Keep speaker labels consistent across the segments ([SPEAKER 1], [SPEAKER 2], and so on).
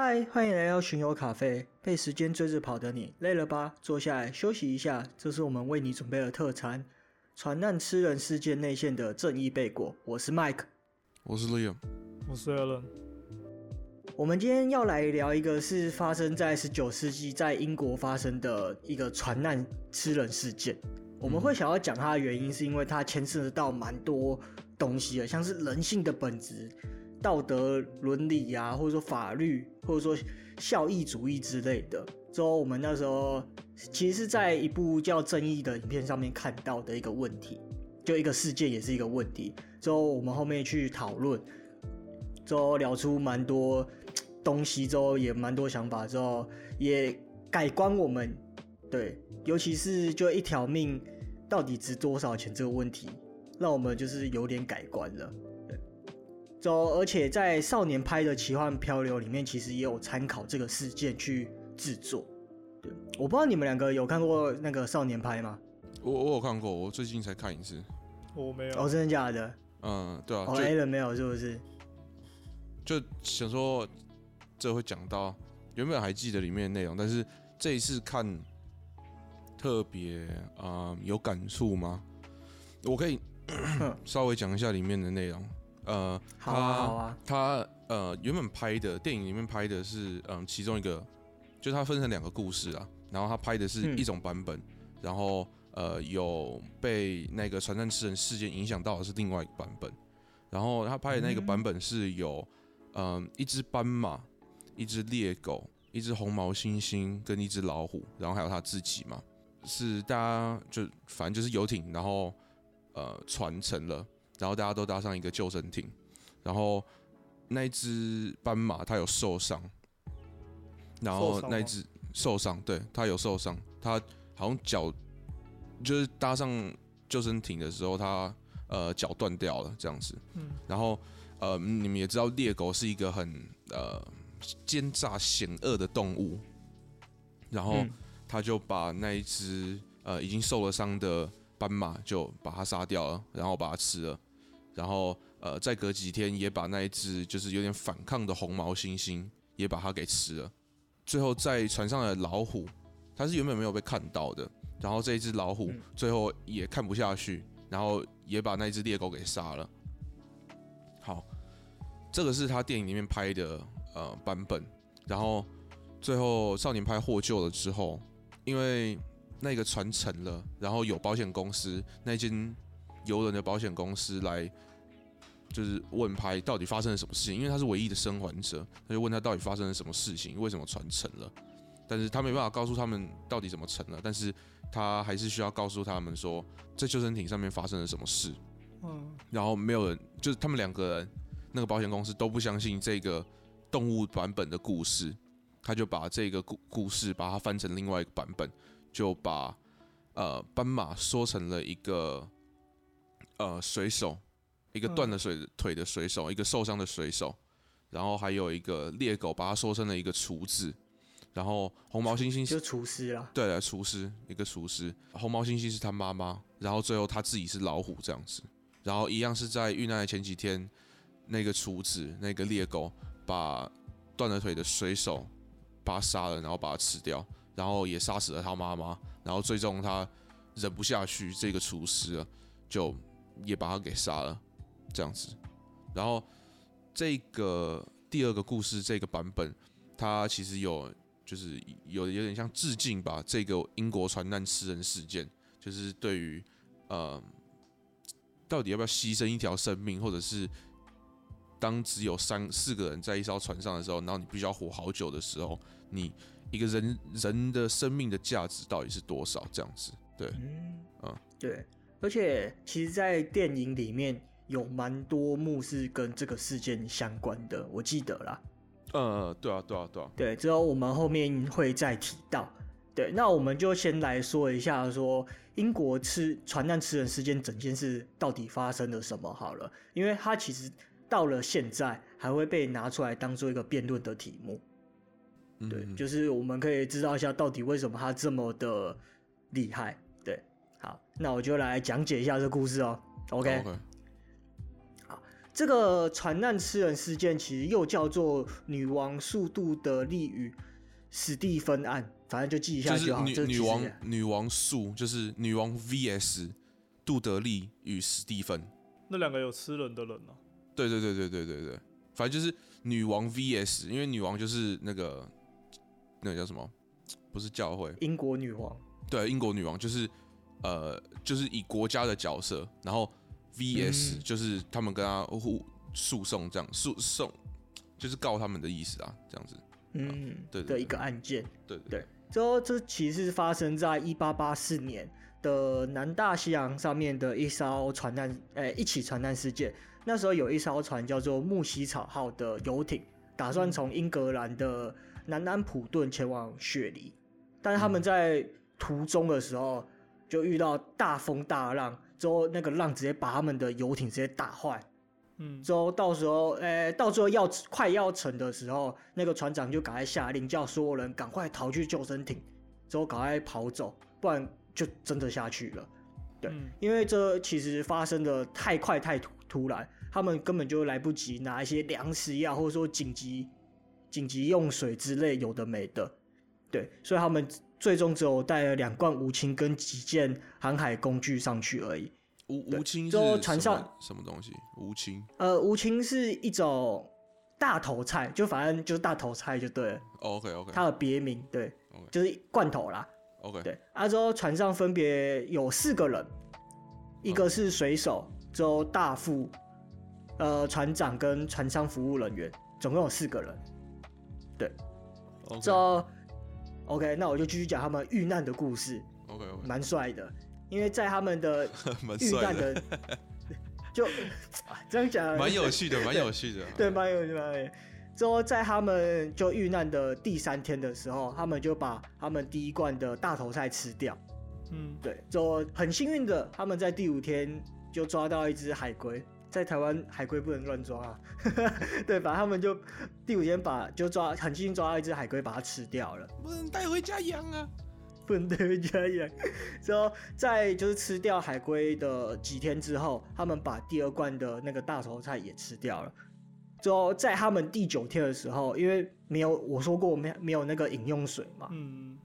[SPEAKER 1] 嗨，Hi, 歡迎來到巡遊咖啡。被時間追着跑的你，累了吧？坐下來休息一下，這是我們為你準備的特餐。船難吃人事件內餡的正義貝果。我是 Mike，我是 Liam，我是 Alan。我們今天要來聊一個，是發生在十九世紀在英國發生的一個船難吃人事件。我們會想要講它的原因，是因為它牽涉到蠻多東西，像是人性的本質。道德倫理啊，或者說法律，或者說效益主義之類的。之後我們那時候其實是在一部叫《正義》的影片上面看到的一個問題，就一個事件也是一個問題。之後我們後面去討論，之後聊出蠻多東西，之後也蠻多想法，之後也改觀我們對，尤其是就一條命到底值多少錢這個問題，讓我們就是有點改觀了。走，而且在少年派的《奇幻漂流》裡面，其實也有參考這個事件去制作。對，我不知道你們兩個有看過那個少年派嗎？
[SPEAKER 2] 我我有看過，我最近才看一次。
[SPEAKER 3] 我、哦、沒
[SPEAKER 2] 有。哦，真的假的？嗯，對啊。哦就 Allen
[SPEAKER 1] 沒有是不是？
[SPEAKER 2] 就想說，這會講到原本還記得裡面的內容，但是這一次看特，特別啊有感觸嗎？我可以呵稍微講一下裡面的內容。呃，好啊，好啊，好啊，他呃原本拍的電影裡面拍的是，嗯、呃，其中一個，就他分成兩個故事啊，然後他拍的是一種版本，嗯、然後呃有被那個船難吃人事件影響到的是另外一個版本，然後他拍的那個版本是有，嗯、呃，一隻斑馬，一隻獵狗，一隻紅毛猩猩跟一隻老虎，然後還有他自己嘛，是大家就反正就是遊艇，然後呃傳承了。然後大家都搭上一個救生艇，然後那一隻斑馬它有受傷，然後那一隻受傷，受傷，對，它有受傷，它好像腳就是搭上救生艇的時候，它呃腳斷掉了這樣子。嗯。然後呃，你們也知道獵狗是一個很呃奸詐險惡的動物，然後他就把那一隻呃已經受了傷的斑馬就把它殺掉了，然後把它吃了。然後，呃，再隔幾天也把那一只就是有點反抗的紅毛猩猩也把它給吃了。最後，在船上的老虎，它是原本沒有被看到的。然後這一只老虎最後也看不下去，然後也把那只獵狗給殺了。好，這個是他電影裡面拍的呃版本。然後最後少年派獲救了之後，因為那個船沉了，然後有保險公司那間遊輪的保險公司來。就是問他到底發生了什麼事情，因為他是唯一的生還者，他就問他到底發生了什麼事情，為什麼船沉了，但是他沒辦法告訴他們到底怎麼沉了，但是他還是需要告訴他們說在救生艇上面發生了什麼事，嗯，然後沒有人，就是他們兩個人，那個保險公司都不相信這個動物版本的故事，他就把這個故故事把它翻成另外一個版本，就把呃斑馬說成了一個呃水手。一個斷了水腿的水手，一個受傷的水手，然後還有一個獵狗，把他說成了一個廚子，然後紅毛猩猩是廚師，對啊，廚師，一個廚師，紅毛猩猩是他媽媽，然後最後他自己是老虎這樣子，然後一樣是在遇難的前幾天，那個廚子，那個獵狗把斷了腿的水手把他殺了，然後把他吃掉，然後也殺死了他媽媽，然後最終他忍不下去，這個廚師就也把他給殺了。這樣子，然後這個第二個故事這個版本，它其實有就是有有點像致敬吧。這個英國船難吃人事件，就是對於呃，到底要不要犧牲一條生命，或者是當只有三四個人在一艘船上的時候，然後你必須要活好久的時候，你一個人人的生命的價值到底是多少？這樣子，對，嗯，嗯，
[SPEAKER 1] 對，而且其實，在電影裡面。有蠻多幕是跟這個事件相關的，我記得啦。
[SPEAKER 2] 呃，uh, 對啊，對啊，對啊。
[SPEAKER 1] 對，之後我們後面會再提到。對，那我們就先來說一下說，說英國吃船難吃人事件整件事到底發生了什麼好了，因為它其實到了現在還會被拿出來當做一個辯論的題目。嗯嗯嗯對，就是我們可以知道一下到底為什麼它這麼的厲害。對，好，那我就來講解一下這個故事哦。OK。Okay. 這個船難吃人事件其實又叫做女王訴杜德利與史蒂芬案，反正就記一下就好。女王
[SPEAKER 2] 女王訴就是女王 V S 杜德利與史蒂芬，
[SPEAKER 3] 那兩個有吃人的人呢、啊？
[SPEAKER 2] 對對對對對對對，反正就是女王 V S，因為女王就是那個那個叫什麼？不是教會？英國女王？對，英國女王就是呃，就是以國家的角色，然後。VS，嗯，就是他們跟他互訴訟，這樣訴訟就是告他們的意思啊，這樣子。嗯，啊、對的一個案件，對對，對，
[SPEAKER 1] 對，對。之後這其實是發生在一八八四年的南大西洋上面的一艘船難，哎、欸，一起船難事件。那時候有一艘船叫做木西草號的遊艇，打算從英格蘭的南安普頓前往雪梨，但是他們在途中的時候就遇到大風大浪。之後那個浪直接把他們的遊艇直接打壞，嗯，之後到時候，哎、欸，到時候要快要沉的時候，那個船長就趕快下令叫所有人趕快逃去救生艇，之後趕快跑走，不然就真的下去了，對，嗯、因為這其實發生的太快太突突然，他們根本就來不及拿一些糧食呀，或者說緊急緊急用水之類有的沒的，對，所以他們。最終只有帶了兩罐蕪菁跟幾件航海工具上去而已。蕪蕪菁，就對船上什麼，什麼東西？
[SPEAKER 2] 蕪菁，
[SPEAKER 1] 呃，蕪菁是一種大頭菜，就反正就是大頭菜就對了。Oh,
[SPEAKER 2] OK OK，它的
[SPEAKER 1] 別名對，Okay. 就是罐頭啦。
[SPEAKER 2] OK，對，
[SPEAKER 1] 之後船上分別有四個人，Okay. 一個是水手，之後大副，嗯、呃，船長跟船上服務人員，總共有四個人。對，之後 Okay.。OK，那我就繼續講他們遇難的故事。OK，蠻帥的，因為在他們的遇難的, 帥的 就 這樣講、就是，蠻有趣的，蠻有,、啊、有趣的。對，蠻有趣的。之後在他們就遇難的第三天的時候，他們就把他們第一罐的大頭菜吃掉。嗯，對。之後很幸運的，他們在第五天就抓到一隻海龜。在台灣海龜不能亂抓啊，呵呵對，反正他們就第五天把就抓，很幸運抓到一隻海龜，把它吃掉了。
[SPEAKER 2] 不能帶回家養啊，
[SPEAKER 1] 不能帶回家養。之後在就是吃掉海龜的幾天之後，他們把第二罐的那個大頭菜也吃掉了。之後在他們第九天的時候，因為沒有我說過沒沒有那個飲用水嘛，嗯，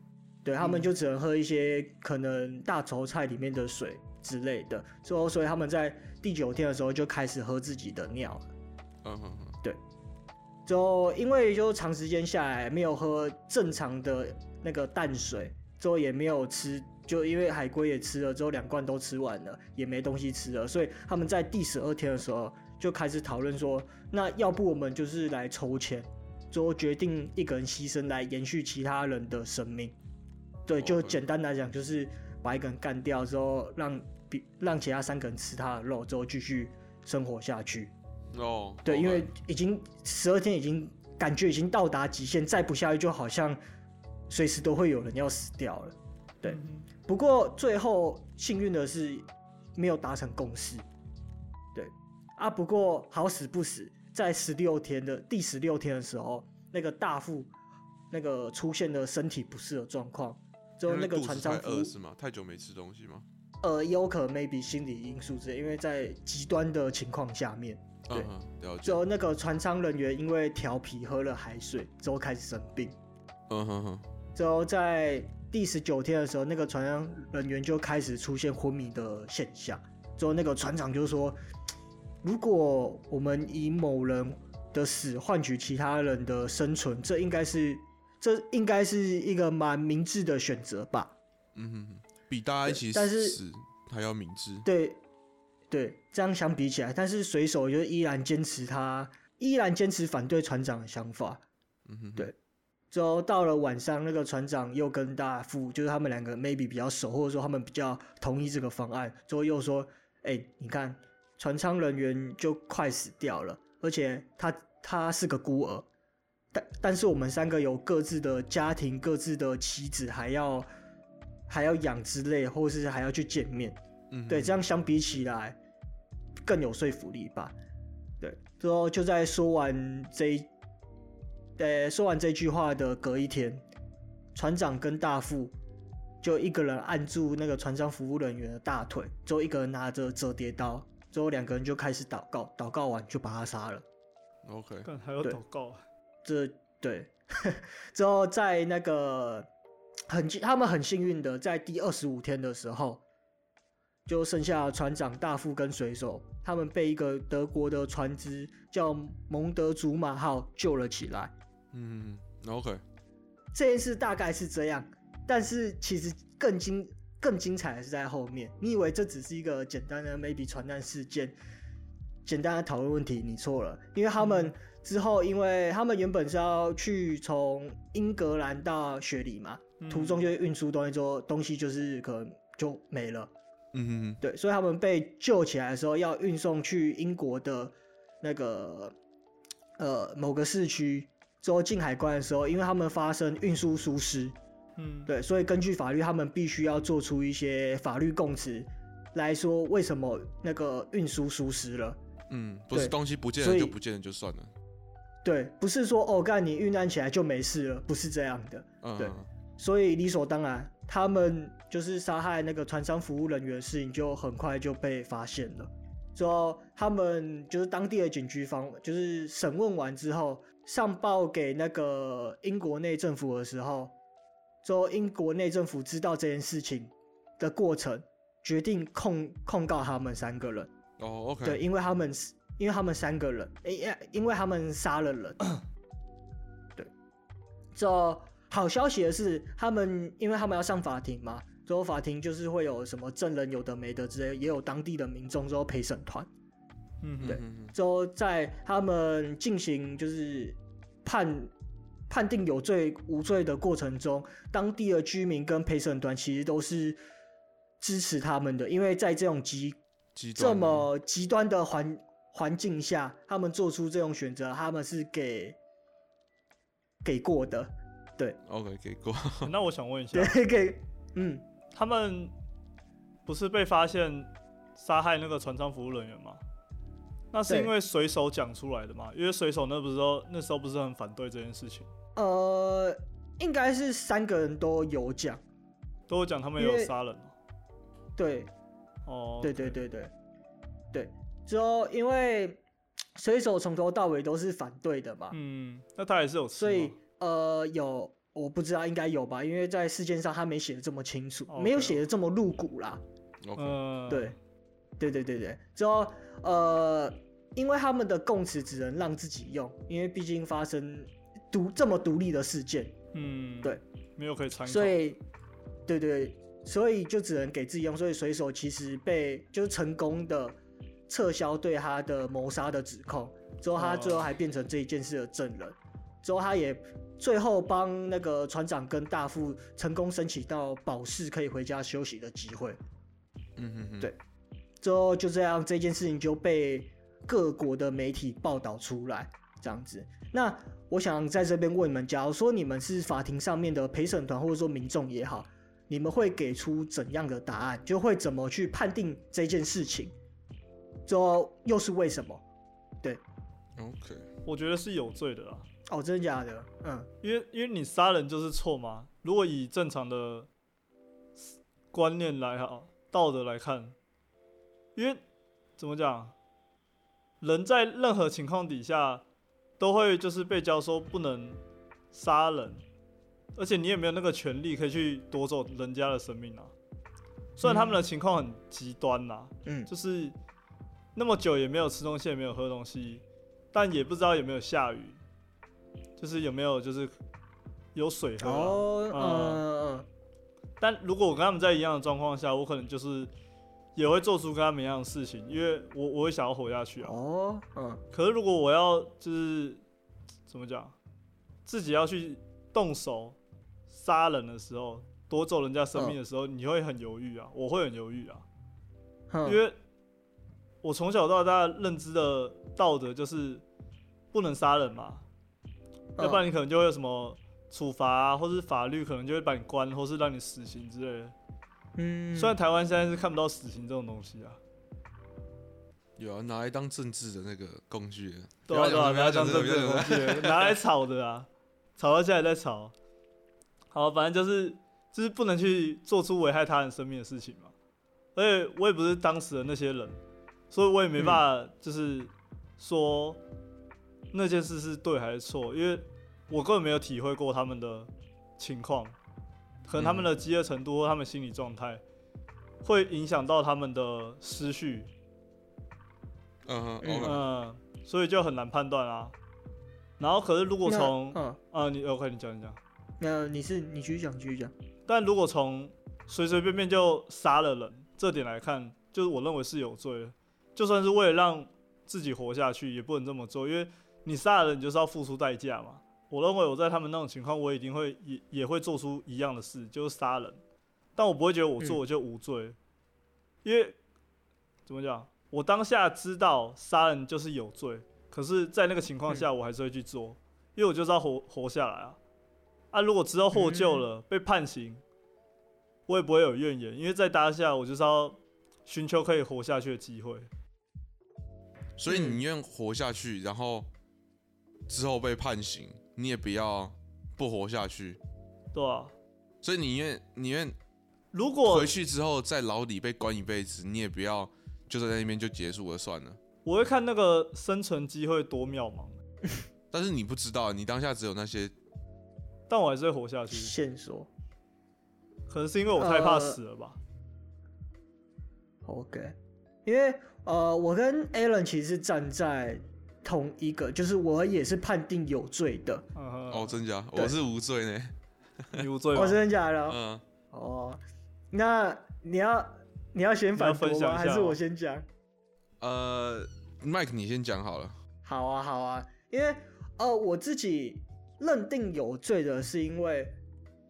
[SPEAKER 1] 對，他們就只能喝一些可能大頭菜裡面的水之類的。之後所以他們在。第九天的時候就開始喝自己的尿了，嗯對，之後因為就長時間下來沒有喝正常的那個淡水，之後也沒有吃，就因為海龜也吃了之後兩罐都吃完了，也沒東西吃了，所以他們在第十二天的時候就開始討論說，那要不我們就是來抽籤，之後決定一個人犧牲來延續其他人的生命，對，就簡單來講就是把一個人幹掉之後讓。讓其他三個人吃他的肉，之後繼續生活下去。
[SPEAKER 2] 哦，oh, 對，
[SPEAKER 1] 因為已經十二天，已經感覺已經到達極限，oh, man. 再不下去就好像隨時都會有人要死掉了。對，mm hmm. 不過最後幸運的是沒有達成共識。對啊，不過好死不死，在十六天的第十六天的時候，那個大副那個出現了身體不適的狀況，之後那個船長餓
[SPEAKER 2] 是嗎？太久沒吃東西嗎？
[SPEAKER 1] 呃，有可能 maybe 心理因素之類，因為在極端的情況下面，
[SPEAKER 2] 對，只
[SPEAKER 1] 有、uh huh, 那個船艙人員因為調皮喝了海水，之後開始生病。嗯
[SPEAKER 2] 哼哼。Huh
[SPEAKER 1] huh. 之後在第十九天的時候，那個船艙人員就開始出現昏迷的現象。之後那個船長就說：“ uh huh. 如果我們以某人的死換取其他人的生存，這應該是，這應該是一個蠻明智的選擇吧。Uh ”嗯
[SPEAKER 2] 哼哼。比大家一起死，但是還要明智。
[SPEAKER 1] 對，對，這樣相比起來，但是水手就依然堅持他，依然堅持反對船長的想法。嗯
[SPEAKER 2] 哼哼，對。
[SPEAKER 1] 之後到了晚上，那個船長又跟大副，就是他們兩個 maybe 比較熟，或者說他們比較同意這個方案，之後又說：“哎、欸，你看，船艙人員就快死掉了，而且他他是個孤兒，但但是我們三個有各自的家庭、各自的妻子，還要。”還要養之類，或者是還要去見面，嗯、哼對，這樣相比起來更有說服力吧？對，之後就在說完這，對，說完這句話的隔一天，船長跟大副就一個人按住那個船上服務人員的大腿，之後一個人拿着折疊刀，之後兩個人就開始禱告，禱告完就把他殺了。
[SPEAKER 3] OK，還有禱告這對，對
[SPEAKER 1] 這對 之後在那個。很，他們很幸運的，在第二十五天的時候，就剩下船長大副跟水手，他們被一個德國的船只叫蒙德祖馬號救了起來。
[SPEAKER 2] 嗯，OK。
[SPEAKER 1] 這件事大概是這樣，但是其實更精更精彩的是在後面。你以為這只是一個簡單的 maybe 船難事件，簡單的討論問題，你錯了，因為他們之後，嗯、因為他們原本是要去從英格蘭到雪梨嘛。途中就運輸東西之後，東西就是可能就沒了，嗯哼哼，對，所以他們被救起來的時候，要運送去英國的，那個呃某個市區，之後進海關的時候，因為他們發生運輸疏失，嗯，對，所以根據法律，他們必須要做出一些法律供詞，來說為什麼那個運輸疏失了，
[SPEAKER 2] 嗯，不是東西不見了就不見了就算了，對，
[SPEAKER 1] 對，不是說哦，幹你遇難起來就沒事了，不是這樣的，嗯、對。所以理所當然，他們就是殺害那個船上服務人員的事情就很快就被發現了。之後，他們就是當地的警局方，就是審問完之後，上報給那個英國內政府的時候，之後英國內政府知道這件事情的過程，決定控控告他們三個人。哦、
[SPEAKER 2] oh，OK，對，因
[SPEAKER 1] 為他們，因為他們三個人，哎呀，因為他們殺了人， 對，之後。好消息的是，他們因為他們要上法庭嘛，之後法庭就是會有什麼證人，有的沒的之類，也有當地的民眾，之後陪審團，嗯，對，
[SPEAKER 2] 嗯
[SPEAKER 1] 嗯嗯，之後在他們進行就是判判定有罪無罪的過程中，當地的居民跟陪審團其實都是支持他們的，因為在這種極這麼極端的環環境下，他們做出這種選擇，他們是給給過
[SPEAKER 2] 的。對，OK，給過、欸。那
[SPEAKER 3] 我想問一下 OK
[SPEAKER 2] 給。嗯，
[SPEAKER 3] 他們不是被發現殺害那個船艙服務人員嗎？那是因為水手講出來的嗎？對因為水手那不是說那時候不是很反對這件事情？呃，
[SPEAKER 1] 應該是三個人都有講，都
[SPEAKER 3] 有講他們有殺人。
[SPEAKER 1] 對，哦，
[SPEAKER 3] 對對對對對，
[SPEAKER 1] 之後因為水手從頭到尾都是反對的吧？嗯，那他也是有所以。呃，有，我不知道應該有吧，因為在事件上他沒寫的這麼清楚，Okay. 沒有寫的這麼露骨啦。嗯，Okay. 對，對對對對，之後呃，因為他們的供詞只能讓自己用，因為畢竟發生獨這麼獨立的事件，嗯，
[SPEAKER 3] 對，沒有可以參考。所以
[SPEAKER 1] 對對對，所以就只能給自己用，所以水手其實被就是、成功的撤銷對他的謀殺的指控，之後他最後還變成這一件事的證人。呃之後，他也最後幫那個船長跟大副成功申請到保釋，可以回家休息的機會。嗯嗯嗯，對。之後就這樣，這件事情就被各國的媒體報道出來，這樣子。那我想在這邊問你們，假如說你們是法庭上面的陪審團，或者說民眾也好，你們會給出怎樣的答案？就會怎麼去判定這件事情？之後又是為什麼？
[SPEAKER 3] 對，OK，我覺得是有罪的啊。
[SPEAKER 1] 好、哦，真的假的？嗯，
[SPEAKER 3] 因為因為你殺人就是錯嘛。如果以正常的觀念來哈，道德來看，因為怎麼講，人在任何情況底下都會就是被教說不能殺人，而且你也沒有那個權利可以去奪走人家的生命啊。雖然他們的情況很極端吶，啊，嗯，就是那麼久也沒有吃東西，也沒有喝東西，但也不知道有沒有下雨。就是有沒有就是有水喝，嗯、oh, uh, 嗯，但如果我跟他們在一樣的狀況下，我可能就是也會做出跟他們一樣的事情，因為我我會想要活下去啊，oh, uh, 可是如果我要就是怎麼講，自己要去動手殺人的時候，奪走人家生命的時候，你會很猶豫啊，uh, 我會很猶豫啊
[SPEAKER 1] ，uh, 因
[SPEAKER 3] 為，我從小到大認知的道德就是不能殺人嘛。啊、要不然你可能就會有什麼處罰、啊，或是法律可能就會把你關，或是讓你死刑之類的。嗯，雖然台灣現在是看不到死刑這種東西啊。
[SPEAKER 2] 有啊，拿來當政治的那個工具。對啊，不要不要當政治的工具，這個這個，拿
[SPEAKER 3] 來炒的啊，炒 到現在還在炒。好，反正就是就是不能去做出危害他人生命的事情嘛。而且我也不是當時的那些人，所以我也沒辦法就是、嗯、說。那件事是對還是錯？因為我根本沒有體會過他們的情況，可能他們的飢餓程度和他們心理狀態，會影響到他們的思緒。
[SPEAKER 2] 嗯
[SPEAKER 3] 嗯，嗯嗯，所以就很難判斷啊。然後，可是如果從……嗯、啊你 OK？你講講。你那你是你繼續講，繼續講。但如果從隨隨便便就殺了人這點來看，就是我認為是有罪的。就算是為了讓自己活下去，也不能這麼做，因為。你殺了人，你就是要付出代價嘛。我認為我在他們那種情況，我一定會也也會做出一樣的事，就是殺人。但我不會覺得我做我就無罪，嗯、因為怎麼講，我當下知道殺人就是有罪，可是，在那個情況下，我還是會去做，嗯、因為我就是要活活下來啊。啊，如果知道獲救了，嗯、被判刑，我也不會有怨言，因為在當下，我就是要尋求可以活下去的機會。
[SPEAKER 2] 所以你願活下去，然後，之後被判刑，你也不要不活下去，對啊，所以你願你願，如果回去之後在牢裡被關一輩子，你也不要就在那邊就結束了算了。
[SPEAKER 3] 我會看那個生存機會多渺茫、欸，
[SPEAKER 2] 但是你不知道，你當下只有那些，
[SPEAKER 3] 但我還是會活下去。線索，可能是因為我太怕死了吧。
[SPEAKER 1] 呃、
[SPEAKER 2] OK，因
[SPEAKER 1] 為呃，我跟 Alan 其實站在。同一個，就是我也是判定有罪的。
[SPEAKER 2] 哦，真假？對我是無罪呢，無 罪、哦？我真
[SPEAKER 1] 假了、哦？嗯，哦，那你要你要先反駁嗎？哦、還是我先講？
[SPEAKER 2] 呃，Mike，你先講好了。
[SPEAKER 1] 好啊，好啊，因為呃，我自己認定有罪的是因為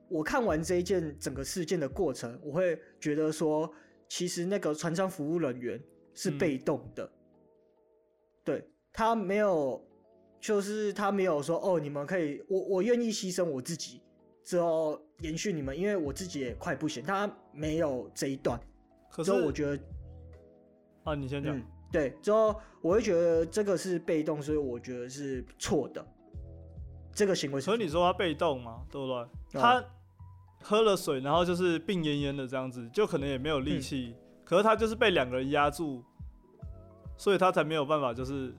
[SPEAKER 1] 我看完這一件整個事件的過程，我會覺得說，其實那個船艙服務人員是被動的，嗯、對。他沒有，就是他沒有說哦，你們可以，我我願意犧牲我自己，之後延續你們，因為我自己也快不行。他沒有這一段，
[SPEAKER 3] 可是我覺得，啊，你先講、嗯。
[SPEAKER 1] 對，之後我會覺得
[SPEAKER 3] 這個是被動，所以我覺得是錯的，這個行為是。所以你說他被動嘛，對不對？嗯、他喝了水，然後就是病懨懨的這樣子，就可能也沒有力氣。嗯、可是他就是被兩個人壓住，所以他才沒有辦法，就是。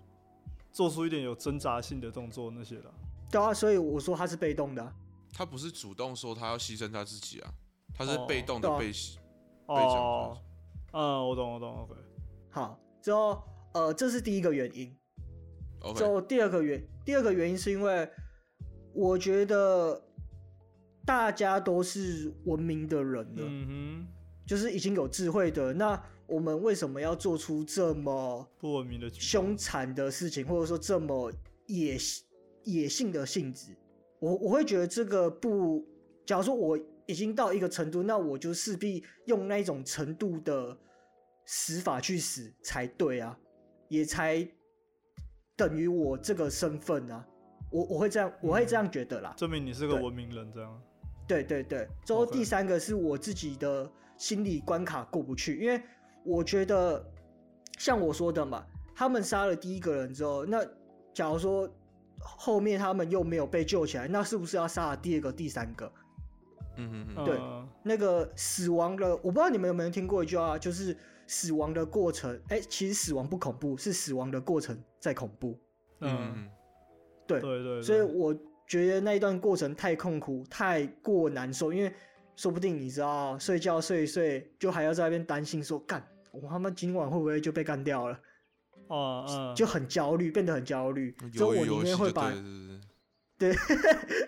[SPEAKER 3] 做出一點有掙扎性的動作那些的、啊，
[SPEAKER 1] 對啊，所以我說他是被動的、啊，
[SPEAKER 2] 他不是主動說他要犧牲他自己啊，他是被動的被犧牲。
[SPEAKER 1] 哦，嗯，我懂，我懂，OK。好，之後呃，這是第一個原因。OK。就第二個原，第二個原因是因為我覺得大家都是文明的人了，嗯哼，就是已經有智慧的那。我們為什麼要做出這麼不文明的、兇殘的事情，或者說這麼野性、野性的性質？我我會覺得這個不，假如說我已經到一個程度，那我就勢必用那種程度的死法去死才對啊，也才等於我這個身份啊。我我會這樣，我會這樣覺得啦。嗯、
[SPEAKER 3] 證明你是個文明人，這樣。對，
[SPEAKER 1] 對對對，之後第三個是我自己的心理關卡過不去，嗯、因為。我覺得，像我說的嘛，他們殺了第一個人之後，那假如說後面他們又沒有被救起來，那是不是要殺了第二個、第三個？嗯嗯對，嗯，那個死亡的，我不知道你們有沒有聽過一句話，就是死亡的過程，哎、欸，其實死亡不恐怖，是死亡的過程在恐怖。嗯，嗯對，
[SPEAKER 3] 對對對。所
[SPEAKER 1] 以我覺得那一段過程太痛苦，太過難受，因為說不定你知道，睡覺睡一睡，就還要在那邊擔心說幹。我他媽今晚會不會就被幹掉了？哦，uh,
[SPEAKER 3] uh, 就
[SPEAKER 1] 很焦慮，變得很焦慮。所以有我寧願會把，對對，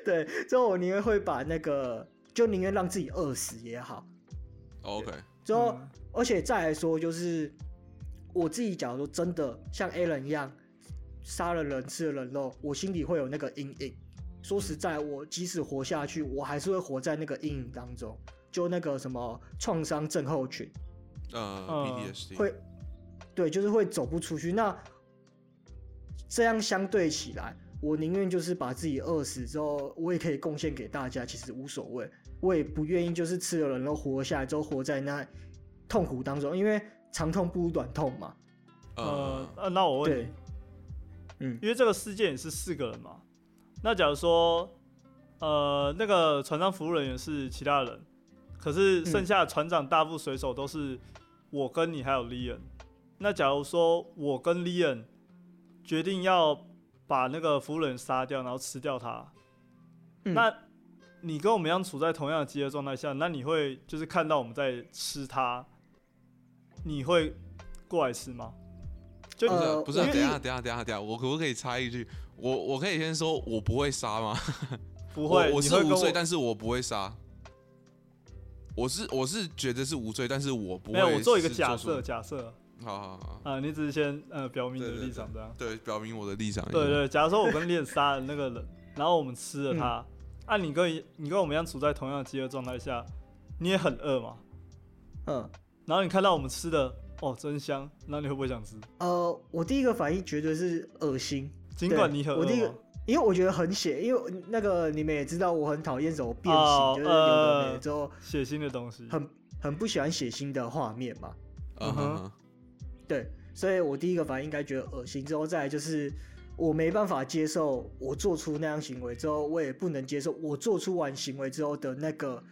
[SPEAKER 1] 對， 對，所以我寧願會把那個，就寧願讓自己餓死也好。
[SPEAKER 2] OK。
[SPEAKER 1] 之後，嗯、而且再來說，就是我自己假如說，真的像 A 人一樣殺了人吃了人肉，我心裡會有那個陰影。說實在，我即使活下去，我還是會活在那個陰影當中，就那個什麼創傷症候群。呃，會，對，就是會走不出去。那這樣相對起來，我寧願就是把自己餓死之後，我也可以貢獻給大家，其實無所謂。我也不願意就是吃了人都活下來，之後活在那痛苦當中，因為長痛不如短痛嘛。
[SPEAKER 3] Uh, 呃、啊，那我問你，嗯對，因為這個事件也是四個人嘛。嗯、那假如說，呃，那個船上服務人員是其他人。可是剩下的船長、大副、水手都是我跟你還有 Leon。那假如說我跟 Leon 決定要把那個夫人殺掉，然後吃掉他，嗯、那你跟我們一樣處在同樣的飢餓狀態下，那你會就是看到我們在吃他，你會過來吃嗎？就不是、啊、不是、啊因為等一，等下等下
[SPEAKER 2] 等下等下，我可不可以插一句？我我可以先說我不會殺嗎？不 會，我是五歲，但是我不會殺。我是我是覺得是無罪，但是我不會沒有。我做一個假設，假設設，好好好，
[SPEAKER 3] 好啊，你只是先呃表明你的立場，這樣對，
[SPEAKER 2] 對，對，對，表明我的立場。對，對對，
[SPEAKER 3] 假如說我跟獵殺的那個人， 然後我們吃了他，按、嗯啊、你跟你跟我們一樣處在同樣的飢餓狀態下，你也很餓嘛？嗯呵，然後你看到我們吃的，哦，真香，那你會不會想吃？
[SPEAKER 1] 呃，我第一個反應絕對是噁心，儘管你很餓。因為我覺得很血，因為那個你們也知道，我很討厭什麼變形，oh, 就是有的時候血腥的東西，很很不喜歡血腥的畫面嘛。嗯
[SPEAKER 2] 哼、uh-huh.
[SPEAKER 1] 對，所以我第一個反應應該覺得噁心，之後再來就是我沒辦法接受我做出那樣行為之後，我也不能接受我做出完行為之後的那個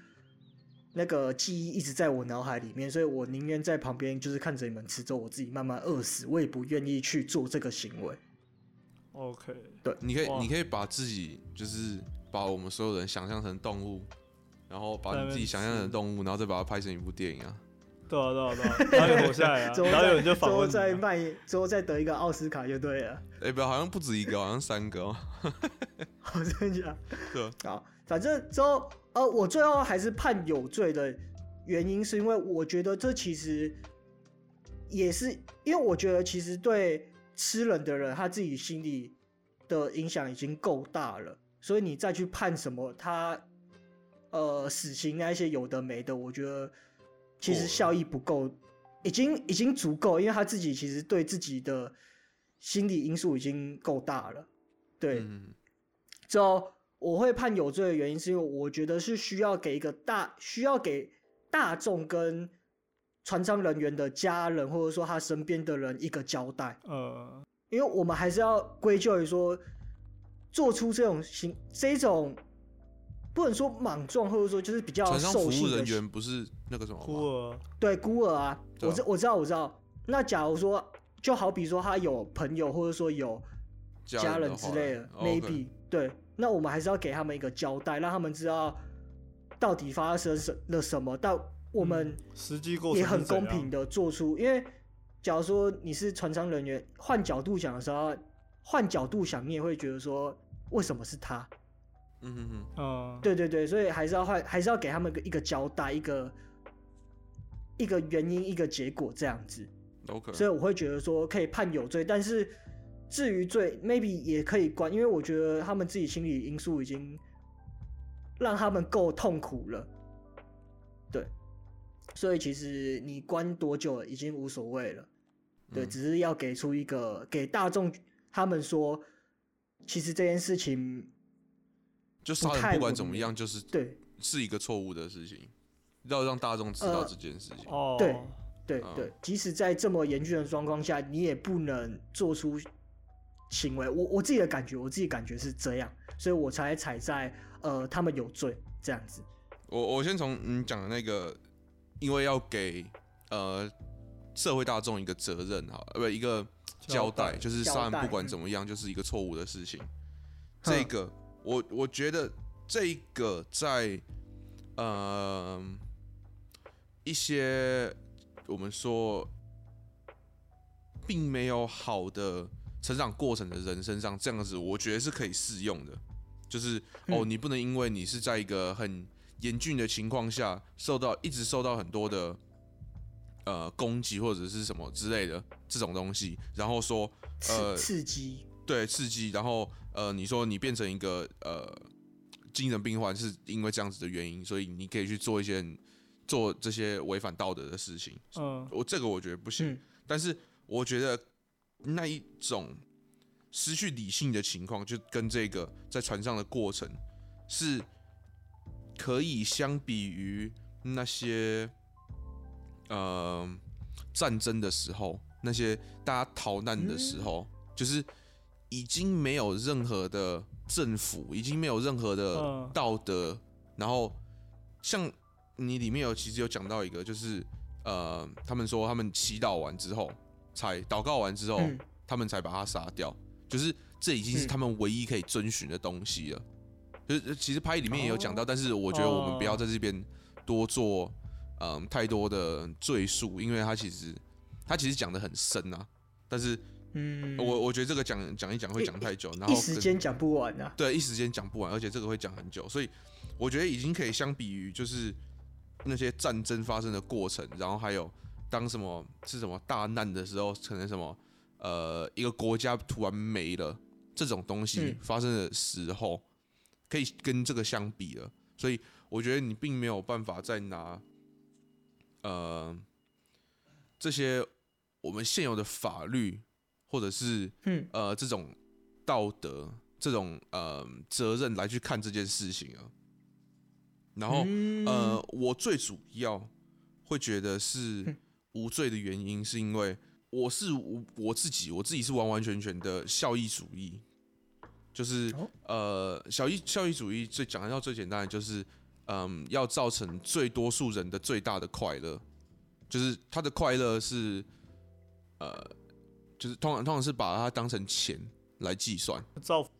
[SPEAKER 1] 那個記憶一直在我腦海裡面，所以我寧願在旁邊就是看着你們吃粥，我自己慢慢餓死，我也不願意去做這個行為。
[SPEAKER 3] OK，
[SPEAKER 2] 對，你可以，哇你可以把自己就是把我們所有人想象成動物，然後把你自己想象成動物，然後再把它拍成一部電影啊。對啊，對啊，對啊，然後活下來，啊， 後再然後有人就訪問，啊，
[SPEAKER 1] 再再賣，最後再得一個奧斯卡就對
[SPEAKER 2] 了。哎、欸，不要，好像不止一個，好像三個哦、喔。好 像 這樣。對啊，
[SPEAKER 1] 反正之後，呃，我最後還是判有罪的原因，是因為我覺得這其實也是因為我覺得其實對。吃人的人，他自己心理的影響已經夠大了，所以你再去判什麼他，呃，死刑那些有的沒的，我覺得其實效益不夠、oh.，已經已經足夠，因為他自己其實對自己的心理因素已經夠大了，對。就、mm. 我會判有罪的原因，是因為我覺得是需要給一個大，需要給大眾跟。船上人員的家人，或者說他身邊的人一個交代，呃，因為我們還是要歸咎於說，做出這種行這一種不能說莽撞，或者說就是比較獸性的船上人員
[SPEAKER 2] 不是那個什麼孤兒，
[SPEAKER 1] 對孤兒啊，啊我知我知道，我知道。那假如說，就好比說他有朋友，或者說有家人之類的，maybe 對，那我們還是要給他們一個交代，讓他們知道到底發生什了什麼到。但我們也很公平的做出，因為假如說你是船艙人員，換角度想的時候，換角度想你也會覺得說，為什麼是他？嗯嗯嗯，哦，對對對，所以還是要換，還是要給他們一個交代，一個一個原因，一個結果這樣子。所以我會覺得說可以判有罪，但是至於罪，maybe 也可以關，因為我覺得他們自己心理因素已經讓他們夠痛苦了。所以其實你關多久了已經無所謂了，對，嗯、只是要給出一個給大眾他們說，其實這件事情
[SPEAKER 2] 就是不管怎麼樣，就是對，是一個錯誤的事情，要讓大眾知道這件事情。哦、呃，對
[SPEAKER 1] 對、啊、對，對，即使在這麼嚴峻的狀況下，你也不能做出行為。我我自己的感覺，我自己的感覺是這樣，所以我才踩在呃，他們有罪這樣子。
[SPEAKER 2] 我我先從你講的那個。因為要給呃社會大眾一個責任哈，不一個交代，交代就是殺人，不管怎麼樣，就是一個錯誤的事情。嗯、這個我我覺得這個在嗯、呃、一些我們說並沒有好的成長過程的人身上，這樣子我覺得是可以適用的。就是，嗯、哦，你不能因為你是在一個很。嚴峻的情況下，受到一直受到很多的呃攻擊或者是什麼之類的這種東西，然後說呃刺，刺激，對，刺激，然後呃，你說你變成一個呃精神病患，是因為這樣子的原因，所以你可以去做一些做這些違反道德的事情。嗯、呃，我這個我覺得不行，嗯、但是我覺得那一種失去理性的情況，就跟這個在船上的過程是。可以相比於那些呃戰爭的時候，那些大家逃難的時候，嗯、就是已經沒有任何的政府，已經沒有任何的道德。嗯、然後像你裡面有其實有講到一個，就是呃他們說他們祈禱完之後才禱告完之後，嗯、他們才把他殺掉，就是這已經是他們唯一可以遵循的東西了。嗯嗯就是其實拍裡面也有講到，oh, 但是我覺得我們不要在這邊多做嗯、oh. 呃、太多的贅述，因為他其實他其實講得很深啊。但是嗯，我我覺得這個講講一講會講太久，然後一,一時間
[SPEAKER 1] 講不完啊。
[SPEAKER 2] 對，一時間講不完，而且這個會講很久，所以我覺得已經可以相比於就是那些戰爭發生的過程，然後還有當什麼是什麼大難的時候，可能什麼呃一個國家突然沒了這種東西發生的時候。嗯可以跟這個相比了，所以我覺得你並沒有辦法再拿，呃，這些我們現有的法律或者是嗯呃這種道德這種呃責任來去看這件事情了。然後呃，我最主要會覺得是無罪的原因，是因為我是我我自己，我自己是完完全全的效益主義。就是、哦、呃，小義效益主義最講到最簡單的就是嗯，要造成最多數人的最大的快樂，就是他的快樂是呃，就是通常通常是把它當成錢來計算，造福，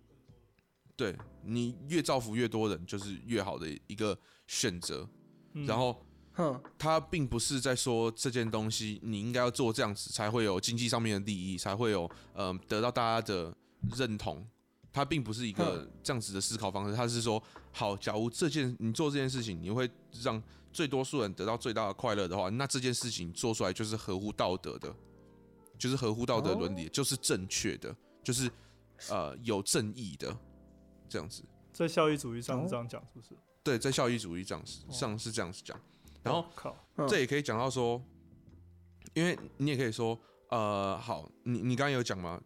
[SPEAKER 2] 對，你越造福越多人，就是越好的一個選擇。嗯、然後，哼呵，他並不是在說這件東西你應該要做這樣子，才會有經濟上面的利益，才會有嗯得到大家的認同。它並不是一個這樣子的思考方式，哼它是說：好，假如這件你做這件事情，你會讓最多數人得到最大的快樂的話，那這件事情做出來就是合乎道德的，就是合乎道德倫理，哦、就是正確的，就是呃有正義的這樣子。
[SPEAKER 3] 在效益主義上是這樣講，是
[SPEAKER 2] 不是？對，在效益主義上是這樣子講。哦、然後，靠，這也可以講到說，哦、因為你也可以說：呃，好，你你剛剛有講嗎？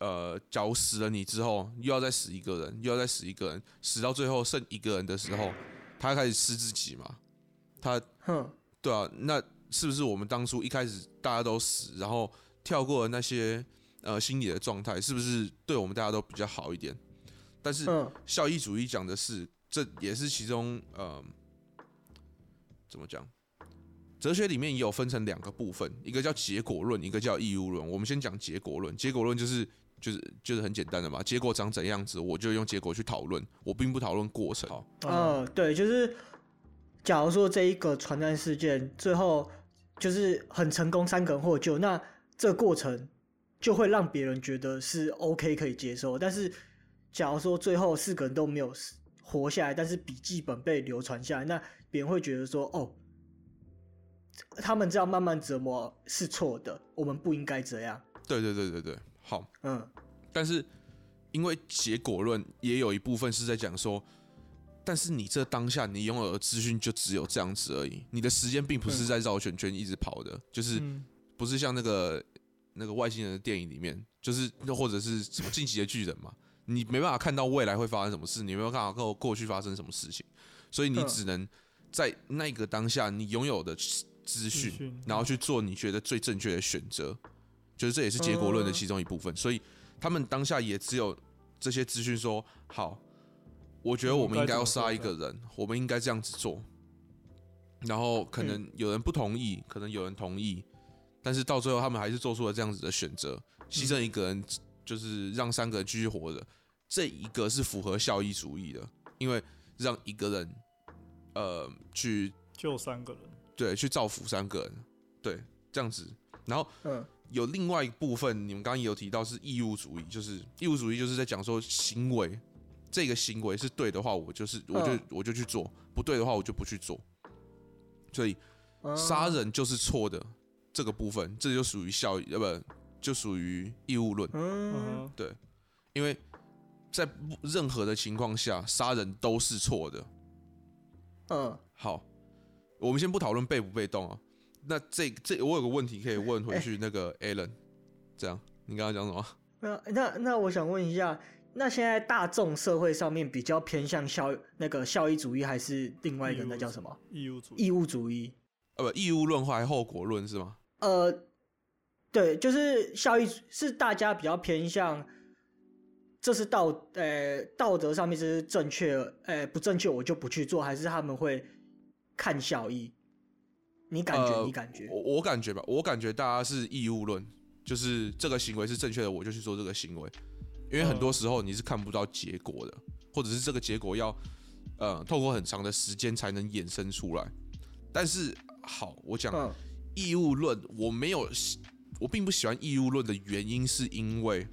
[SPEAKER 2] 呃，絞死了你之後，又要再死一個人，又要再死一個人，死到最後剩一個人的時候，他開始吃自己嘛？他，哼呵，對啊。那是不是我們當初一開始大家都死，然後跳過了那些呃心理的狀態，是不是對我們大家都比較好一點？但是呵效益主義講的是，這也是其中呃，怎麼講？哲學裡面也有分成兩個部分，一個叫結果論，一個叫義務論。我們先講結果論。結果論就是。就是就是很簡單的嘛，結果長怎樣子，我就用結果去討論，我並不討論過程。好、嗯，嗯、呃，
[SPEAKER 1] 對，就是假如說這一個船難事件最後就是很成功，三個人獲救，那這過程就會讓別人覺得是 OK 可以接受。但是假如說最後四個人都沒有活下來，但是筆記本被流傳下來，那別人會覺得說，哦，他們這樣慢慢折磨是錯的，我們不應該這樣。
[SPEAKER 2] 對對對對對。好，嗯，但是因為結果論也有一部分是在講說，但是你這當下你擁有的資訊就只有這樣子而已，你的時間並不是在繞圈圈一直跑的，就是不是像那個那個外星人的電影裡面，就是又或者是什麼進擊的巨人嘛，你沒辦法看到未來會發生什麼事，你沒有辦法看過去發生什麼事情，所以你只能在那個當下你擁有的資訊，然後去做你覺得最正確的選擇。就是這也是結果論的其中一部分，所以他們當下也只有這些資訊說：“好，我覺得我們應該要殺一個人，我們應該這樣子做。”然後可能有人不同意，可能有人同意，但是到最後他們還是做出了這樣子的選擇，犧牲一個人，就是讓三個人繼續活着。這一個是符合效益主義的，因為讓一個人，呃，去
[SPEAKER 3] 救三個人，
[SPEAKER 2] 對，去造福三個人，對，這樣子。然後，嗯。有另外一部分，你們剛剛也有提到是義務主義，就是義務主義就是在講說行為，這個行為是對的話，我就是我就，嗯，我就去做，不對的話我就不去做。所以，嗯，殺人就是錯的這個部分，這個就屬於效益，呃，啊，不，就屬於義務論。嗯，對，因為在任何的情況下殺人都是錯的。嗯，好，我們先不討論被不被動啊。那這這我有個問題可以問回去，那個 Alan，這、欸、樣你剛剛講什麼？那
[SPEAKER 1] 那那我想問一下，那現在大眾社會上面比較偏向效那個效益主義，還是另外一個那叫什麼？
[SPEAKER 2] 義務主義？義務主義？呃、啊、不，義務論還是後果論是嗎？
[SPEAKER 1] 呃，對，就是效益是大家比較偏向，這是道呃、欸、道德上面是正確的，呃、欸、不正確我就不去做，還是他們會看效益？你感覺？呃、你感
[SPEAKER 2] 覺？我我感覺吧，我感覺大家是義務論，就是這個行為是正確的，我就去做這個行為。因為很多時候你是看不到結果的，呃、或者是這個結果要呃透過很長的時間才能衍生出來。但是好，我講、呃、義務論，我沒有我並不喜歡義務論的原因，是因為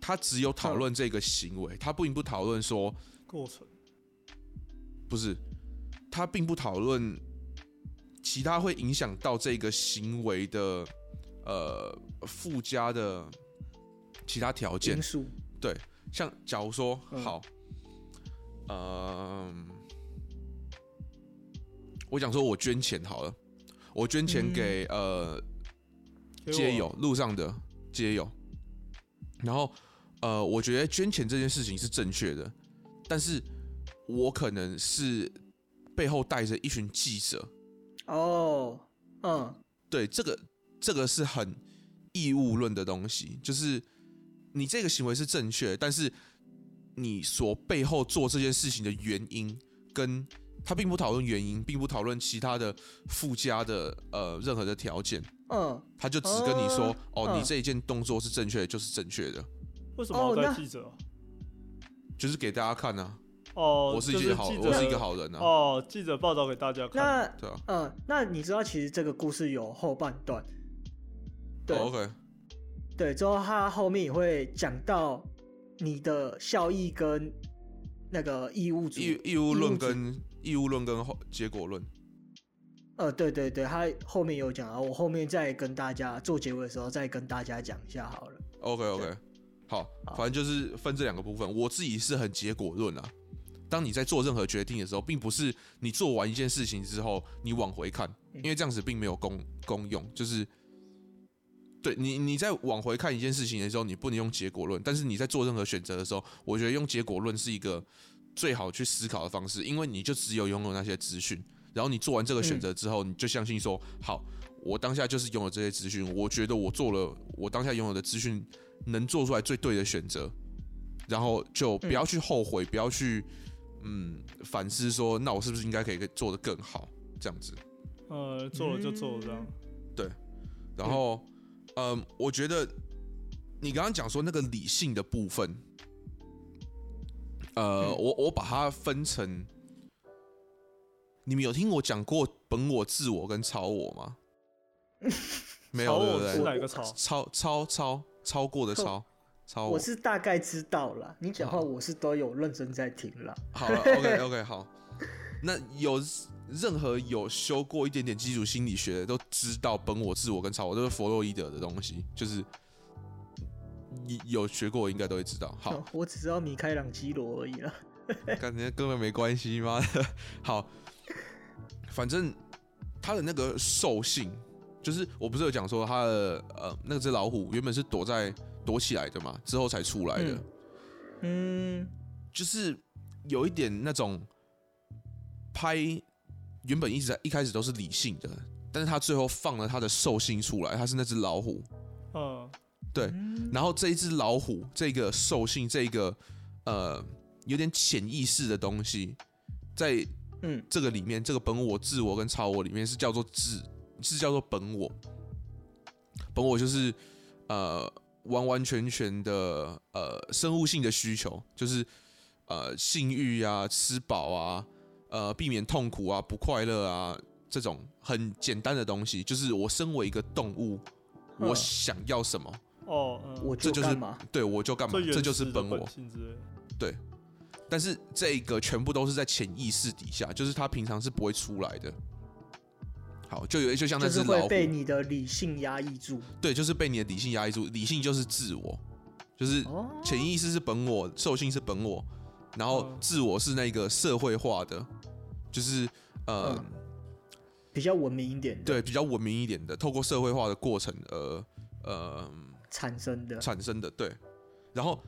[SPEAKER 2] 他只有討論這個行為，呃、他並不討論說過程，不是他並不討論。其他會影響到這個行為的，呃，附加的其他條件。因素。對，像假如說、嗯、好，呃，我講說我捐錢好了，我捐錢給、嗯、呃街友路上的街友，給我。然後呃，我覺得捐錢這件事情是正確的，但是我可能是背後帶着一群記者。哦，嗯，oh, uh, 對，這個這個是很義務論的東西，就是你這個行為是正確，但是你所背後做這件事情的原因跟，跟他並不討論原因，並不討論其他的附加的呃任何的條件，嗯，uh, uh, uh, 他就只跟你說，哦，你這一件動作是正確的，就是正確的，為什麼我在記
[SPEAKER 3] 者？Oh,
[SPEAKER 2] that 就是給大家看呢，啊。哦，我是一個好，是我是一個好人啊！哦，
[SPEAKER 3] 記者報道給大家看。那
[SPEAKER 2] 對啊，嗯、
[SPEAKER 1] 呃，那你知道其實這個故事有後半段，
[SPEAKER 3] 對、哦，OK。
[SPEAKER 1] 對，之後他後面也會講到你的效益跟那個義務主義義務論跟
[SPEAKER 2] 義務論跟、跟結果論。
[SPEAKER 1] 呃，對對對，他後面有講啊，我後面再跟大家做結尾的時候再跟大家講一下好
[SPEAKER 2] 了。OK OK，對，好，好反正就是分這兩個部分，我自己是很結果論啊。當你在做任何決定的時候，並不是你做完一件事情之後你往回看，因為這樣子並沒有功功用。就是對你你在往回看一件事情的時候，你不能用結果論。但是你在做任何選擇的時候，我覺得用結果論是一個最好去思考的方式，因為你就只有擁有那些資訊，然後你做完這個選擇之後，嗯、你就相信說：好，我當下就是擁有這些資訊，我覺得我做了我當下擁有的資訊能做出來最對的選擇，然後就不要去後悔，嗯、不要去。嗯，反思說，那我是不是應該可以做得更好？這樣子，
[SPEAKER 3] 呃，做了就做了，這樣。
[SPEAKER 2] 對，然後，嗯、呃，我覺得你剛剛講說那個理性的部分，呃，嗯、我我把它分成，你們有聽我講過本我、自我跟超我嗎？ 沒有，超我 對不對？超、超？超超超超過的超。超我，我是
[SPEAKER 1] 大概知道了。你講話我是都有認真在聽了。
[SPEAKER 2] 好，OK OK，好。 那有任何有修過一點點基礎心理學的都知道，本我、自我跟超我都是弗洛伊德的東西，就是你有學過應該都會知道。好、
[SPEAKER 1] 哦，我只知道米開朗基羅而已
[SPEAKER 2] 了。跟人家根本沒關係嗎？ 好，反正他的那個獸性，就是我不是有講說他的呃那隻老虎原本是躲在。躲起來的嘛，之後才出來的。嗯，嗯，就是有一點那種拍，原本一直在一開始都是理性的，但是他最後放了他的獸性出來，他是那隻老虎。嗯、哦，對。然後這一隻老虎，這個獸性，這個呃，有點潛意識的東西，在嗯這個裡面，這個本我、自我跟超我裡面是叫做自，是叫做本我。本我就是呃。完完全全的，呃，生物性的需求就是，呃，性慾啊，吃飽啊，呃，避免痛苦啊，不快樂啊，這種很簡單的東西，就是我身為一個動物，呵我想要什麼，
[SPEAKER 3] 哦，呃這就是、我就幹嘛，對，我就幹嘛，這，這就是本我。
[SPEAKER 2] 對，但是這個全部都是在潛意識底下，就是他平常是不會出來的。好，就有就像那只貓，被
[SPEAKER 1] 你的理性壓抑住，
[SPEAKER 2] 對，就是被你的理性壓抑住。理性就是自我，就是潛意識是本我，獸性、哦、是本我，然後自我是那個社會化的，就是呃、嗯、比較文明一點的，對，比較文明一點的，透過社會化的過程而，呃呃產生的產生的對。然後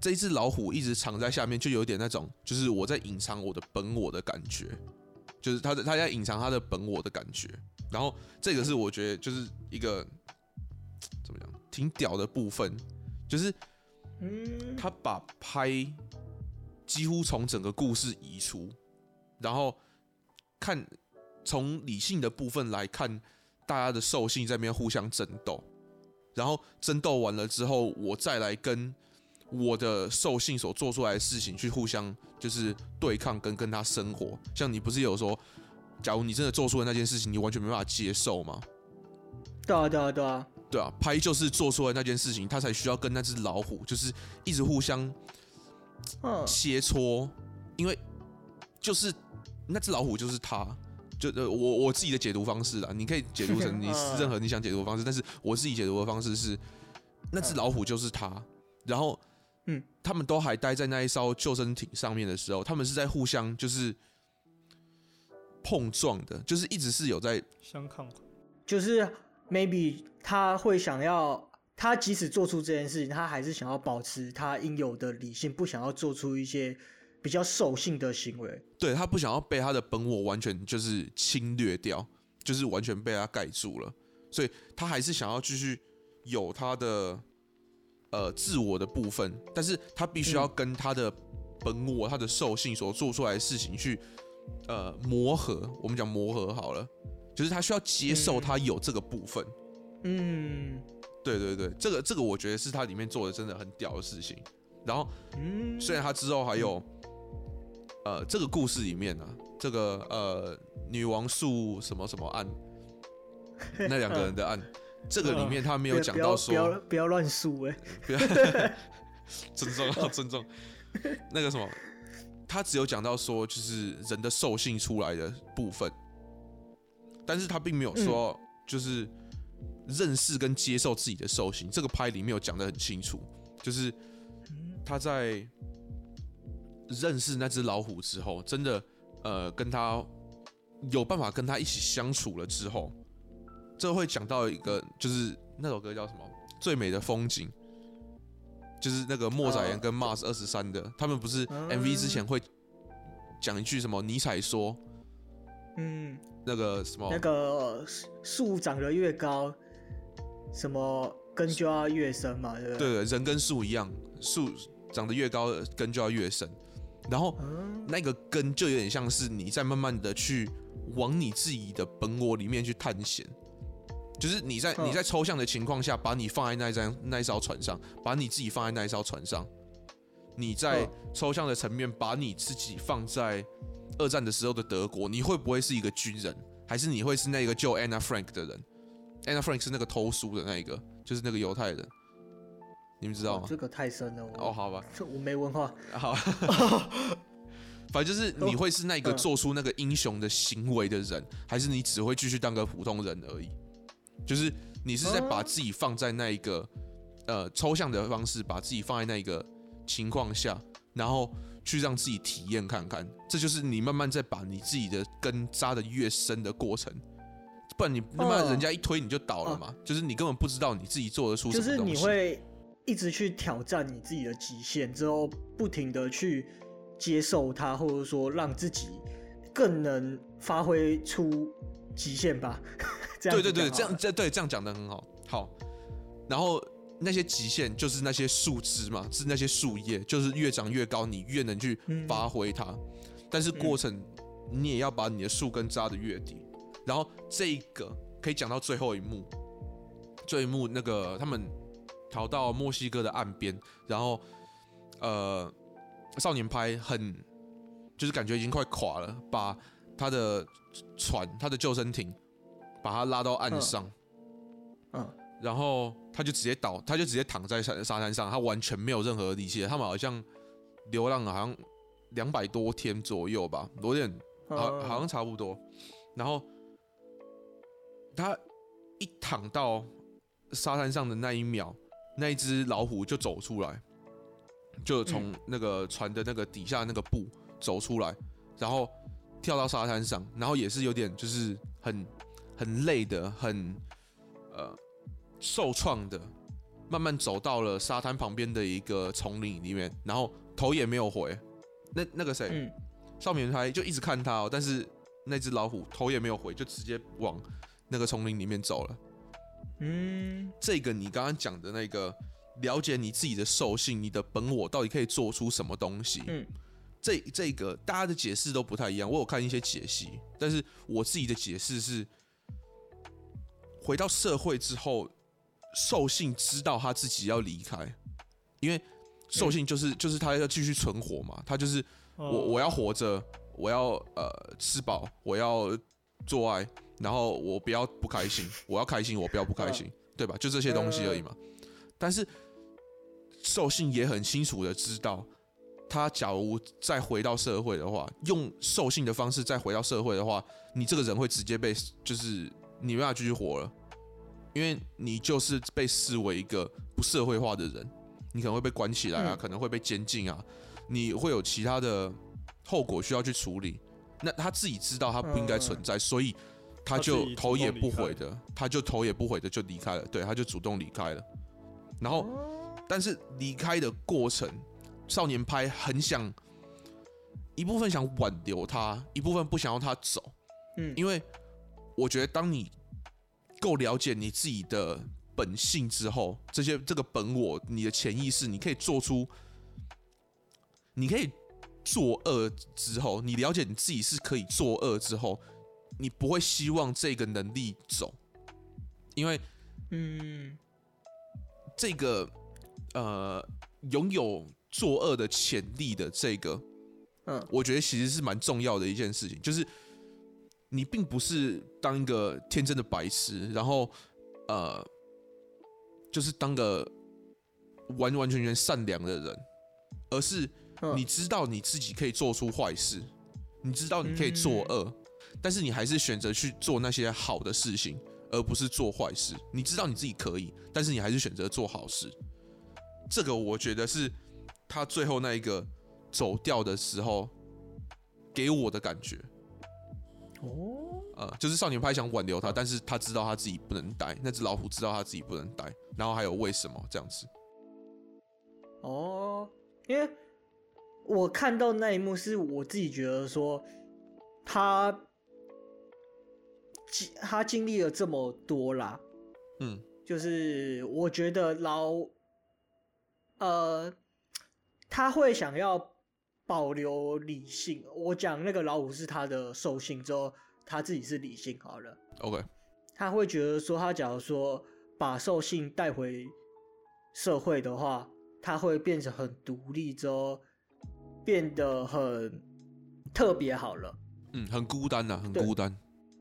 [SPEAKER 2] 這一只老虎一直藏在下面，就有點那種，就是我在隱藏我的本我的感覺。就是他，他在隱藏他的本我的感覺，然後這個是我覺得就是一個怎麼講，挺屌的部分，就是他把拍幾乎從整個故事移出，然後看從理性的部分來看，大家的獸性在那邊互相爭鬥，然後爭鬥完了之後，我再來跟。我的獸性所做出來的事情，去互相就是對抗，跟跟他生活。像你不是有說，假如你真的做出了那件事情，你完全沒辦法接受嗎？
[SPEAKER 1] 對啊，對啊，對啊，對
[SPEAKER 2] 啊，對啊，對啊，對啊，拍就是做出了那件事情，他才需要跟那隻老虎，就是一直互相，切磋。哦、因為就是那隻老虎就是他，就我我自己的解讀方式啦。你可以解讀成你任何你想解讀的方式， 哦、但是我自己解讀的方式是，
[SPEAKER 3] 那隻老虎
[SPEAKER 2] 就是他，然後。嗯，他們都還待在那一艘救生艇上面的時候，他們是在互相就是碰撞的，就是一直是有在相抗。就是
[SPEAKER 1] maybe 他會想要，他即使做出這件事情，他還是想要保持他應有的理性，不想要做出一些比較獸性的行為。
[SPEAKER 2] 對，他不想要被他的本我完全就是侵略掉，就是完全被他蓋住了，所以他還是想要繼續有他的。呃，自我的部分，但是他必須要跟他的本我，嗯、他的獸性所做出來的事情去，呃，磨合。我們講磨合好了，就是他需要接受他有這個部分。
[SPEAKER 1] 嗯，
[SPEAKER 2] 對對對，這個這個我覺得是他裡面做的真的很屌的事情。然後，嗯，雖然他之後還有，呃，這個故事裡面呢，啊，這個呃，女王訴什麼什麼案， 那兩個人的案。這個裡面他沒有講到說，
[SPEAKER 1] 不要亂說哎，不要，
[SPEAKER 2] 尊重啊，欸、 尊重。尊重 那個什麼，他只有講到說，就是人的獸性出來的部分，但是他並沒有說，就是認識跟接受自己的獸性。嗯、這個 Pi 裡面有講得很清楚，就是他在認識那隻老虎之後，真的，呃，跟他有辦法跟他一起相處了之後。這會講到一個，就是那首歌叫什麼？《最美的風景》，就是那個莫宰羊跟 Mars 二十三的，他們不是 MV 之前會講一句什麼尼采說，嗯，那個什麼，那
[SPEAKER 1] 個樹長得越高，什麼根就要越深嘛，對
[SPEAKER 2] 對，人跟樹一樣，樹長得越高，根就要越深，然後那個根就有點像是你在慢慢的去往你自己的本我裡面去探險。就是你在你在抽象的情況下，把你放在那一張那一艘船上，把你自己放在那一艘船上。你在抽象的層面把你自己放在二戰的時候的德國，你會不會是一個軍人，還是你會是那個救 Anna Frank 的人？Anna Frank 是那個偷書的那一個，就是那個猶太人。你們知道嗎？哦，這個太深了。哦，好吧。
[SPEAKER 1] 我沒文化。好。
[SPEAKER 2] 反正就是你會是那個做出那個英雄的行為的人，還是你只會繼續當個普通人而已？就是你是在把自己放在那一個呃抽象的方式，把自己放在那一個情況下，然後去讓自己體驗看看，這就是你慢慢在把你自己的根扎得越深的過程，不然你那慢慢人家一推你就倒了嘛，就是你根本不知道你自己做得出。就是你會
[SPEAKER 1] 一直去挑戰你自己的極限，之後不停地去接受它，或者說讓自己更能發揮出極限吧。對對對，這樣這
[SPEAKER 2] 對這樣講的很好，好。然後那些極限就是那些樹枝嘛，是那些樹葉，就是越長越高，你越能去發揮它。嗯、但是過程、嗯、你也要把你的樹根扎的越低，然後這個可以講到最後一幕，最後一幕那個他們逃到墨西哥的岸邊，然後呃少年派很就是感覺已經快垮了，把他的船、他的救生艇。把他拉到岸上，嗯，然後他就直接倒，他就直接躺在沙沙灘上，他完全沒有任何的力氣。他們好像流浪了，好像兩百多天左右吧，有點好，好像差不多。呵然後他一躺到沙灘上的那一秒，那一只老虎就走出來，就從那個船的那個底下那個布走出來，然後跳到沙灘上，然後也是有點就是很。很累的，很呃受創的，慢慢走到了沙灘旁邊的一個叢林裡面，然後頭也沒有回。那那個誰，嗯、少年他就一直看他，喔，哦，但是那隻老虎頭也沒有回，就直接往那個叢林裡面走了。嗯，這個你剛剛講的那個，了解你自己的獸性，你的本我到底可以做出什麼東西？嗯，這這個大家的解釋都不太一樣。我有看一些解析，但是我自己的解釋是。回到社會之後，獸性知道他自己要離開，因為獸性就是、嗯、就是他要繼續存活嘛。他就是我我要活着，我要呃吃飽，我要做愛，然後我不要不開心，我要開心，我不要不開心，啊、對吧？就這些東西而已嘛。但是獸性也很清楚的知道，他假如再回到社會的話，用獸性的方式再回到社會的話，你這個人會直接被就是。你沒辦法繼續活了，因為你就是被視為一個不社會化的人，你可能會被關起來啊，可能會被監禁啊，你會有其他的後果需要去處理。那他自己知道他不應該存在，所以他就頭也不回的，他就頭也不回的就離開了。對，他就主動離開了。然後，但是離開的過程，少年派很想一部分想挽留他，一部分不想要他走，嗯，因為。我覺得，當你夠了解你自己的本性之後，這些這個本我、你的潛意識，你可以做出，你可以作惡之後，你了解你自己是可以作惡之後，你不會希望這個能力走，因為，嗯，這個呃，擁有作惡的潛力的這個，嗯，我覺得其實是蠻重要的一件事情，就是。你並不是當一個天真的白痴，然後，呃，就是當個完完全全善良的人，而是你知道你自己可以做出壞事，你知道你可以作惡，嗯。但是你還是選擇去做那些好的事情，而不是做壞事。你知道你自己可以，但是你還是選擇做好事。這個我覺得是他最後那一個走掉的時候給我的感覺。哦，呃、嗯，就是少年派想挽留他，但是他知道他自己不能待。那隻老虎知道他自己不能待，然後還有為什麼這樣子？
[SPEAKER 3] 哦，
[SPEAKER 1] 因為我看到那一幕，是我自己覺得說他他經歷了這麼多啦，嗯，就是我覺得老呃他會想要。保留理性，我講那個老五是他的獸性之後，他自己是理性好了。OK，他會覺得說，他假如說把獸性帶回社會的話，他會變成很獨立之後，變得很特別好了。
[SPEAKER 2] 嗯，很孤單啊，很孤單。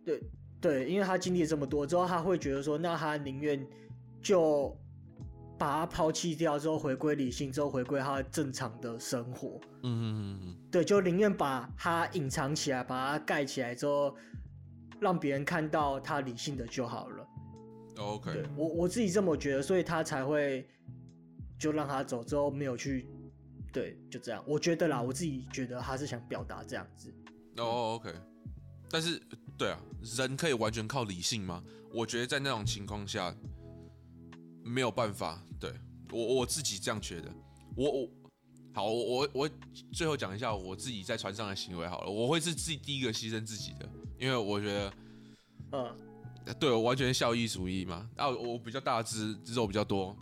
[SPEAKER 2] 對
[SPEAKER 1] 對，對，因為他經歷了這麼多之後，他會覺得說，那他寧願就。把他拋棄掉之後，回歸理性，之後回歸他正常的生活。嗯哼嗯哼，嗯嗯對，就寧願把他隱藏起來，把他蓋起來之後，讓別人看到他理性的就好了。Oh, OK，對我我自己這麼覺得，所以他才會就讓他走，之後沒有去，對，就這樣。我覺得啦，我自己覺得他是想表達這樣子。
[SPEAKER 2] 哦、oh，OK，但是對啊，人可以完全靠理性嗎？我覺得在那種情況下。沒有辦法，對，我我自己這樣覺得。我我好，我我,我最後講一下我自己在船上的行為好了。我會是自己第一個犧牲自己的，因為我覺得，嗯，對，我完全是效益主義嘛。然、啊、我我比較大只，肉比較多，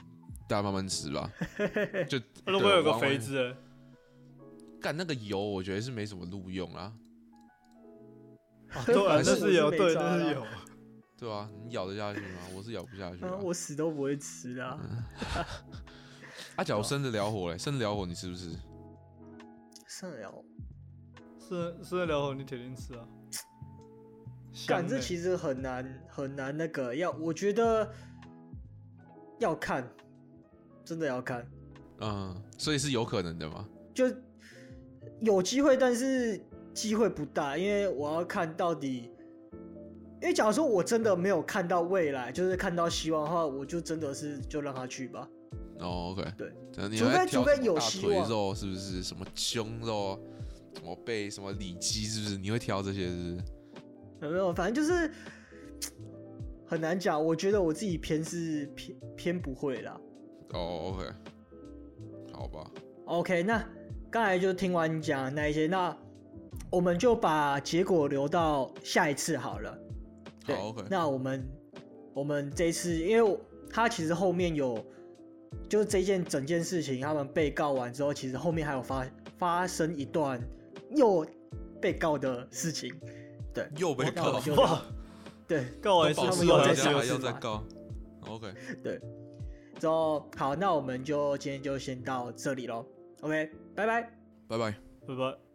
[SPEAKER 2] 大家慢慢吃吧。就 對如果有個肥子，干那個油，我覺得是沒什麼路用啊。
[SPEAKER 1] 對，
[SPEAKER 3] 那是油，
[SPEAKER 2] 對，那是
[SPEAKER 1] 油。
[SPEAKER 2] 對啊，你咬得下去嗎？我是咬不下去，啊
[SPEAKER 3] 啊，我死都不會吃的啊！阿 、
[SPEAKER 2] 啊、角生得了火嘞，欸，生得了，了，了，了火，你吃不
[SPEAKER 3] 吃？生了生生得了火，你肯定吃啊！
[SPEAKER 1] 感嘖這其實很難，很難那個，要我覺得要看，真的要看，嗯，
[SPEAKER 2] 所以是有可能的嗎？
[SPEAKER 1] 就有機會，但是機會不大，因為我要看到底。因為、欸、假如說我真的沒有看到未來，就是看到希望的話，我就真的是就讓他去吧。
[SPEAKER 2] 哦、oh,，OK，對，除非除非有希望，是不是？什麼胸肉，什麼背，什麼里脊，是不是？你會挑這些是不
[SPEAKER 1] 是？有沒有？反正就是很難講。我覺得我自己偏是偏偏不會啦。
[SPEAKER 2] 哦、oh,，OK，好吧。
[SPEAKER 1] OK，那剛才就聽完你講的那一些，那我們就把結果留到下一次好了。對好，okay，那我們我們這一次，因為他其實後面有，就是這件整件事情，他們被告完之後，其實後面還有發發生一段又被告的事情，
[SPEAKER 2] 對，又、喔、就被告哇對，告完之後又在告，OK，對，
[SPEAKER 1] 之後好，那我們就今天就先到這裡嘍，OK，拜拜，拜拜，拜拜。